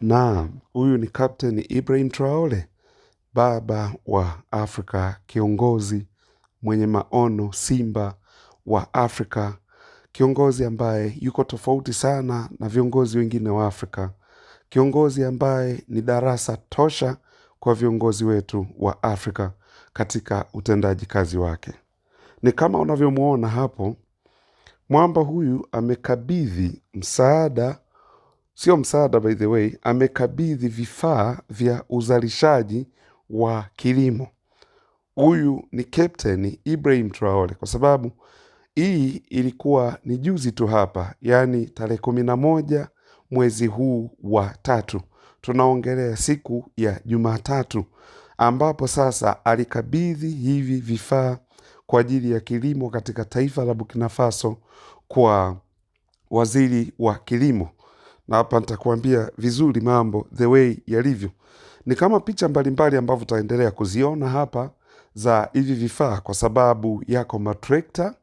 Naam, huyu ni Captain Ibrahim Traore, baba wa Afrika, kiongozi mwenye maono, simba wa Afrika, kiongozi ambaye yuko tofauti sana na viongozi wengine wa Afrika, kiongozi ambaye ni darasa tosha kwa viongozi wetu wa Afrika katika utendaji kazi wake. Ni kama unavyomwona hapo, mwamba huyu amekabidhi msaada sio msaada by the way, amekabidhi vifaa vya uzalishaji wa kilimo. Huyu ni Captain Ibrahim Traore, kwa sababu hii ilikuwa ni juzi tu hapa, yaani tarehe kumi na moja mwezi huu wa tatu, tunaongelea siku ya Jumatatu, ambapo sasa alikabidhi hivi vifaa kwa ajili ya kilimo katika taifa la Burkina Faso kwa waziri wa kilimo na hapa nitakuambia vizuri mambo the way yalivyo. Ni kama picha mbalimbali ambavyo utaendelea kuziona hapa za hivi vifaa, kwa sababu yako matrekta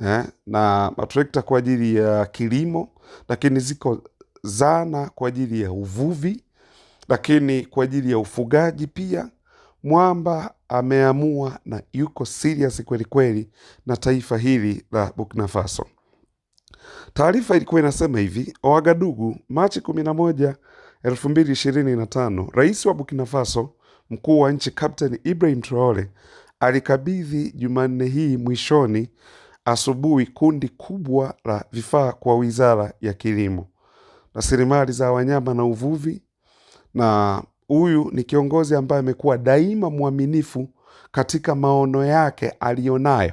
eh, na matrekta kwa ajili ya kilimo, lakini ziko zana kwa ajili ya uvuvi, lakini kwa ajili ya ufugaji pia. Mwamba ameamua na yuko serious kweli kweli na taifa hili la Burkina Faso. Taarifa ilikuwa inasema hivi, Ouagadougou, Machi 11, 2025, Rais wa Burkina Faso, mkuu wa nchi Captain Ibrahim Traore alikabidhi Jumanne hii mwishoni asubuhi kundi kubwa la vifaa kwa Wizara ya Kilimo, Rasilimali za Wanyama na Uvuvi. Na huyu ni kiongozi ambaye amekuwa daima mwaminifu katika maono yake aliyonayo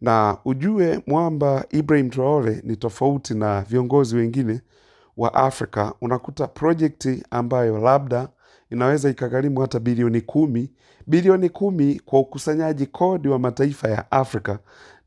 na ujue mwamba Ibrahim Traore ni tofauti na viongozi wengine wa Afrika. Unakuta projekti ambayo labda inaweza ikagharimu hata bilioni kumi, bilioni kumi kwa ukusanyaji kodi wa mataifa ya Afrika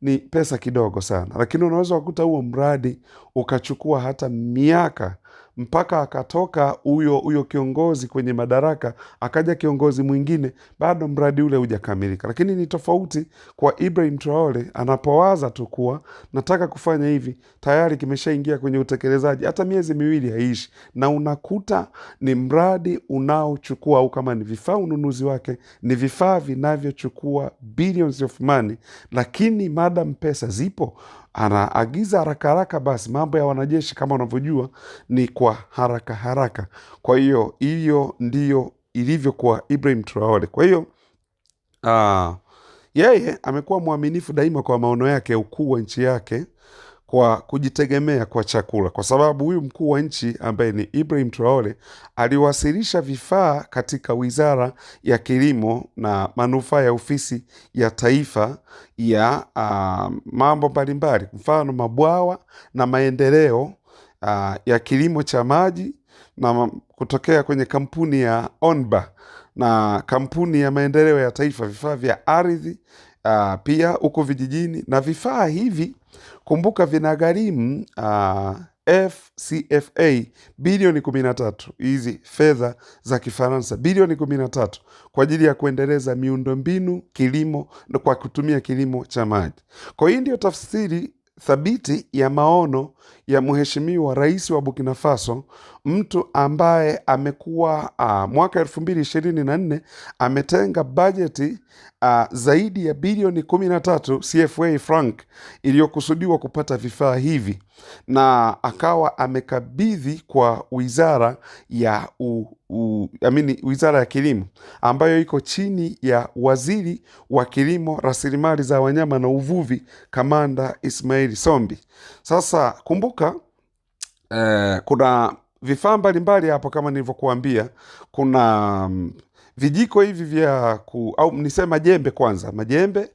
ni pesa kidogo sana, lakini unaweza kukuta huo mradi ukachukua hata miaka mpaka akatoka huyo huyo kiongozi kwenye madaraka, akaja kiongozi mwingine, bado mradi ule hujakamilika. Lakini ni tofauti kwa Ibrahim Traore, anapowaza tu kuwa nataka kufanya hivi, tayari kimeshaingia kwenye utekelezaji, hata miezi miwili haiishi, na unakuta ni mradi unaochukua au kama ni vifaa, ununuzi wake ni vifaa vinavyochukua billions of money, lakini madam pesa zipo anaagiza haraka haraka. Basi mambo ya wanajeshi kama unavyojua ni kwa haraka haraka. Kwa hiyo hiyo ndiyo ilivyokuwa Ibrahim Traore. Kwa hiyo uh, yeye amekuwa mwaminifu daima kwa maono yake ya ukuu wa nchi yake kwa kujitegemea kwa chakula, kwa sababu huyu mkuu wa nchi ambaye ni Ibrahim Traore aliwasilisha vifaa katika Wizara ya Kilimo na manufaa ya Ofisi ya Taifa ya uh, mambo mbalimbali, mfano mabwawa na maendeleo uh, ya kilimo cha maji na kutokea kwenye kampuni ya Onba na kampuni ya maendeleo ya taifa, vifaa vya ardhi uh, pia huko vijijini na vifaa hivi Kumbuka vinagharimu uh, ah, FCFA bilioni 13 hizi fedha za Kifaransa bilioni 13 kwa ajili ya kuendeleza miundombinu kilimo na kwa kutumia kilimo cha maji. Kwa hiyo ndio tafsiri thabiti ya maono ya mheshimiwa rais wa Burkina Faso, mtu ambaye amekuwa uh, mwaka elfu mbili ishirini na nne ametenga bajeti uh, zaidi ya bilioni 13 CFA franc iliyokusudiwa kupata vifaa hivi, na akawa amekabidhi kwa wizara ya u, u, amini, wizara ya kilimo ambayo iko chini ya waziri wa kilimo, rasilimali za wanyama na uvuvi, Kamanda Ismail Sombi. Sasa kumbuka kuzunguka eh, kuna vifaa mbalimbali hapo kama nilivyokuambia kuna mm, vijiko hivi vya ku, au niseme majembe kwanza majembe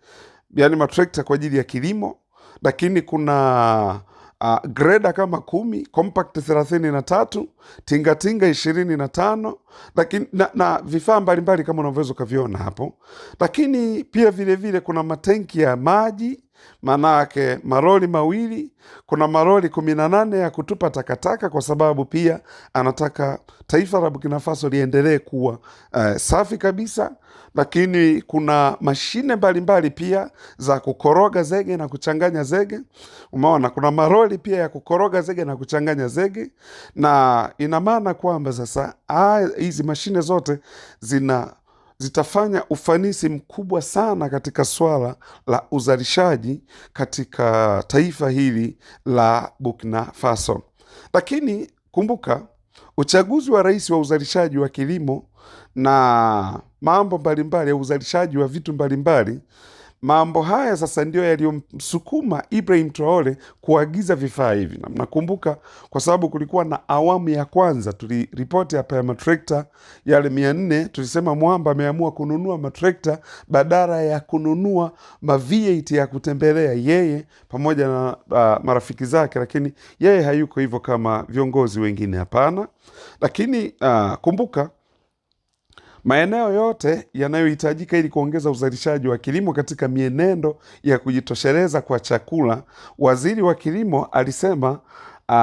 yani matrekta kwa ajili ya kilimo lakini kuna uh, greda kama kumi, compact thelathini na tatu, tingatinga ishirini na tano lakini na, na vifaa mbalimbali kama unavyoweza ukaviona hapo, lakini pia vilevile vile kuna matenki ya maji maanake maroli mawili. Kuna maroli kumi na nane ya kutupa takataka, kwa sababu pia anataka taifa la Burkina Faso liendelee kuwa uh, safi kabisa, lakini kuna mashine mbalimbali pia za kukoroga zege na kuchanganya zege. Umeona, kuna maroli pia ya kukoroga zege na kuchanganya zege, na ina maana kwamba sasa hizi mashine zote zina zitafanya ufanisi mkubwa sana katika swala la uzalishaji katika taifa hili la Burkina Faso, lakini kumbuka Uchaguzi wa rais wa uzalishaji wa kilimo na mambo mbalimbali ya uzalishaji wa vitu mbalimbali Mambo haya sasa ndio yaliyomsukuma Ibrahim Traore kuagiza vifaa hivi, na mnakumbuka, kwa sababu kulikuwa na awamu ya kwanza tuliripoti hapa ya matrekta yale mia nne, tulisema mwamba ameamua kununua matrekta badala ya kununua ma ya kutembelea yeye pamoja na uh, marafiki zake, lakini yeye hayuko hivyo kama viongozi wengine, hapana. Lakini uh, kumbuka Maeneo yote yanayohitajika ili kuongeza uzalishaji wa kilimo katika mienendo ya kujitosheleza kwa chakula, Waziri wa Kilimo alisema Uh,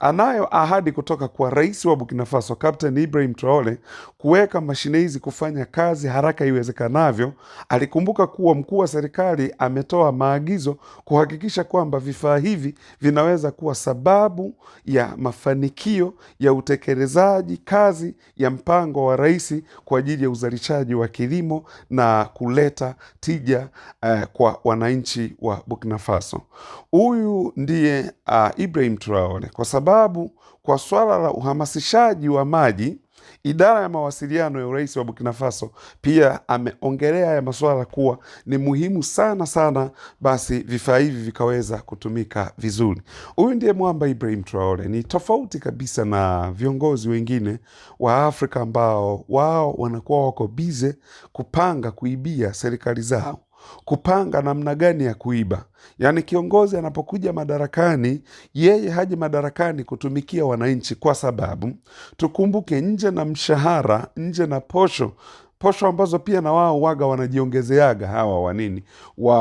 anayo ahadi kutoka kwa rais wa Burkina Faso Captain Ibrahim Traore kuweka mashine hizi kufanya kazi haraka iwezekanavyo. Alikumbuka kuwa mkuu wa serikali ametoa maagizo kuhakikisha kwamba vifaa hivi vinaweza kuwa sababu ya mafanikio ya utekelezaji kazi ya mpango wa rais kwa ajili ya uzalishaji wa kilimo na kuleta tija uh, kwa wananchi wa Burkina Faso. Huyu ndiye uh, Ibrahim tuyaone, kwa sababu kwa swala la uhamasishaji wa maji, idara ya mawasiliano ya urais wa Burkina Faso pia ameongelea haya masuala kuwa ni muhimu sana sana, basi vifaa hivi vikaweza kutumika vizuri. Huyu ndiye mwamba Ibrahim Traore, ni tofauti kabisa na viongozi wengine wa Afrika ambao wao wanakuwa wako bize kupanga kuibia serikali zao kupanga namna gani ya kuiba. Yaani kiongozi anapokuja madarakani, yeye haji madarakani kutumikia wananchi, kwa sababu tukumbuke, nje na mshahara, nje na posho posho ambazo pia na wao waga wanajiongezeaga hawa wanini wa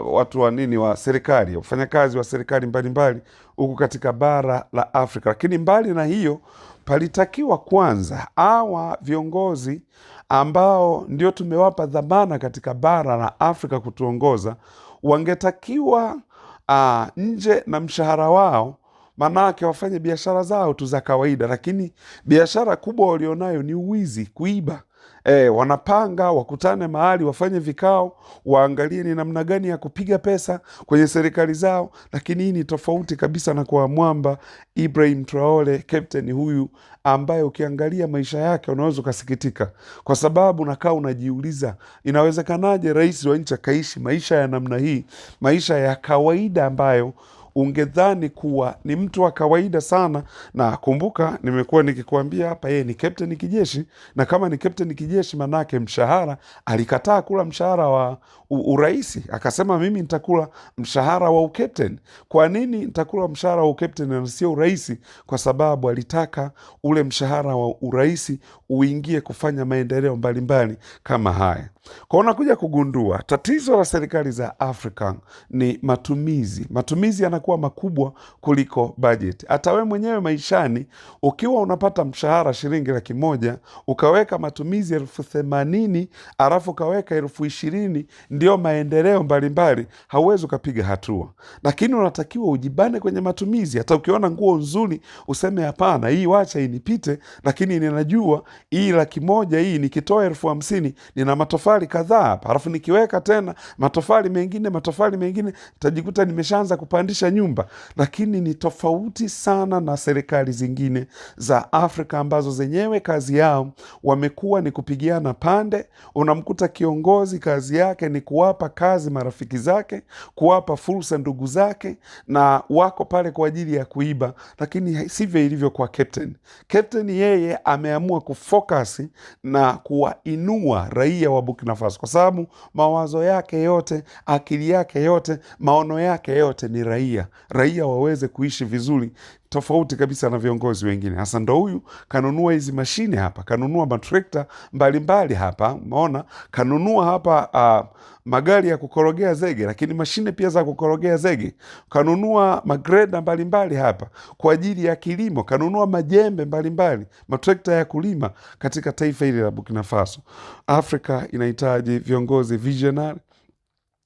watu wanini wa serikali wafanyakazi wa serikali mbalimbali huku katika bara la Afrika. Lakini mbali na hiyo, palitakiwa kwanza hawa viongozi ambao ndio tumewapa dhamana katika bara la Afrika kutuongoza, wangetakiwa uh, nje na mshahara wao maanake wafanye biashara zao tu za kawaida, lakini biashara kubwa walionayo ni uwizi, kuiba. E, wanapanga wakutane mahali wafanye vikao, waangalie ni namna gani ya kupiga pesa kwenye serikali zao. Lakini hii ni tofauti kabisa na kwa mwamba Ibrahim Traore, captain huyu ambaye ukiangalia maisha yake unaweza ukasikitika, kwa sababu nakaa unajiuliza inawezekanaje rais wa nchi akaishi maisha ya namna hii, maisha ya kawaida ambayo ungedhani kuwa ni mtu wa kawaida sana. Na kumbuka, nimekuwa nikikuambia hapa, yeye ni kapteni kijeshi, na kama ni kapteni kijeshi, manake mshahara, alikataa kula mshahara wa uraisi, akasema mimi nitakula mshahara wa ukapteni. Kwa nini nitakula mshahara wa ukapteni na sio uraisi? Kwa sababu alitaka ule mshahara wa uraisi uingie kufanya maendeleo mbalimbali kama haya. Kwa unakuja kugundua tatizo la serikali za Afrika ni matumizi, matumizi yanakuwa yanakuwa makubwa kuliko bajeti. Hata wewe mwenyewe maishani, ukiwa unapata mshahara shilingi laki moja ukaweka matumizi elfu themanini alafu ukaweka elfu ishirini ndio maendeleo mbalimbali, hauwezi ukapiga hatua. Lakini unatakiwa ujibane kwenye matumizi. Hata ukiona nguo nzuri useme hapana, hii wacha inipite, lakini ninajua hii laki moja hii nikitoa elfu hamsini nina matofali kadhaa hapa, alafu nikiweka tena matofali mengine, matofali mengine, tajikuta nimeshaanza kupandisha nyumba, lakini ni tofauti sana na serikali zingine za Afrika ambazo zenyewe kazi yao wamekuwa ni kupigiana pande. Unamkuta kiongozi kazi yake ni kuwapa kazi marafiki zake, kuwapa fursa ndugu zake, na wako pale kwa ajili ya kuiba, lakini sivyo ilivyo kwa captain. Captain yeye ameamua kufokasi na kuwainua raia wa Burkina Faso kwa sababu mawazo yake yote, akili yake yote, maono yake yote ni raia raia, raia waweze kuishi vizuri, tofauti kabisa na viongozi wengine. Hasa ndo huyu kanunua hizi mashine hapa, kanunua matrekta mbalimbali hapa, maona kanunua hapa uh, magari ya kukorogea zege, lakini mashine pia za kukorogea zege, kanunua magreda mbalimbali hapa kwa ajili ya kilimo, kanunua majembe mbalimbali, matrekta ya kulima katika taifa hili la bukina Faso. Afrika inahitaji viongozi visionary,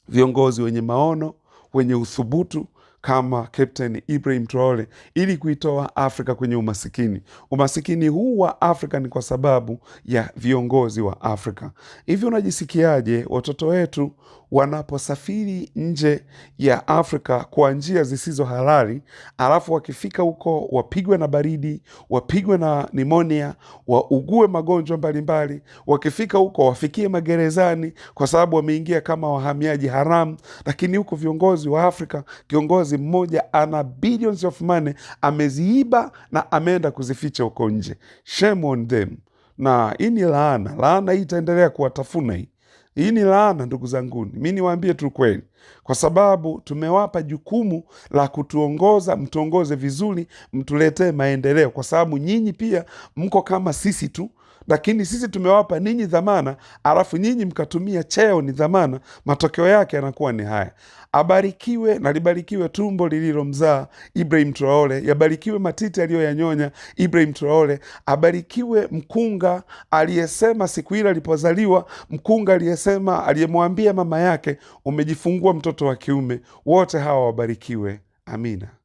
viongozi wenye maono, wenye uthubutu kama Captain Ibrahim Traore ili kuitoa Afrika kwenye umasikini. Umasikini huu wa Afrika ni kwa sababu ya viongozi wa Afrika. Hivyo unajisikiaje watoto wetu wanaposafiri nje ya Afrika kwa njia zisizo halali, alafu wakifika huko wapigwe na baridi, wapigwe na nimonia, waugue magonjwa mbalimbali, wakifika huko wafikie magerezani kwa sababu wameingia kama wahamiaji haramu. Lakini huko viongozi wa Afrika, kiongozi mmoja ana billions of money ameziiba na ameenda kuzificha huko nje. Shame on them. Na hii ni laana, laana hii itaendelea kuwatafuna hii. Hii ni laana, ndugu zanguni, mi niwaambie tu kweli, kwa sababu tumewapa jukumu la kutuongoza. Mtuongoze vizuri, mtuletee maendeleo, kwa sababu nyinyi pia mko kama sisi tu lakini sisi tumewapa ninyi dhamana, alafu nyinyi mkatumia cheo ni dhamana. Matokeo yake yanakuwa ni haya. Abarikiwe na libarikiwe tumbo lililomzaa Ibrahim Traore, yabarikiwe matiti aliyoyanyonya Ibrahim Traore, abarikiwe mkunga aliyesema siku ile alipozaliwa, mkunga aliyesema aliyemwambia mama yake, umejifungua mtoto wa kiume. Wote hawa wabarikiwe. Amina.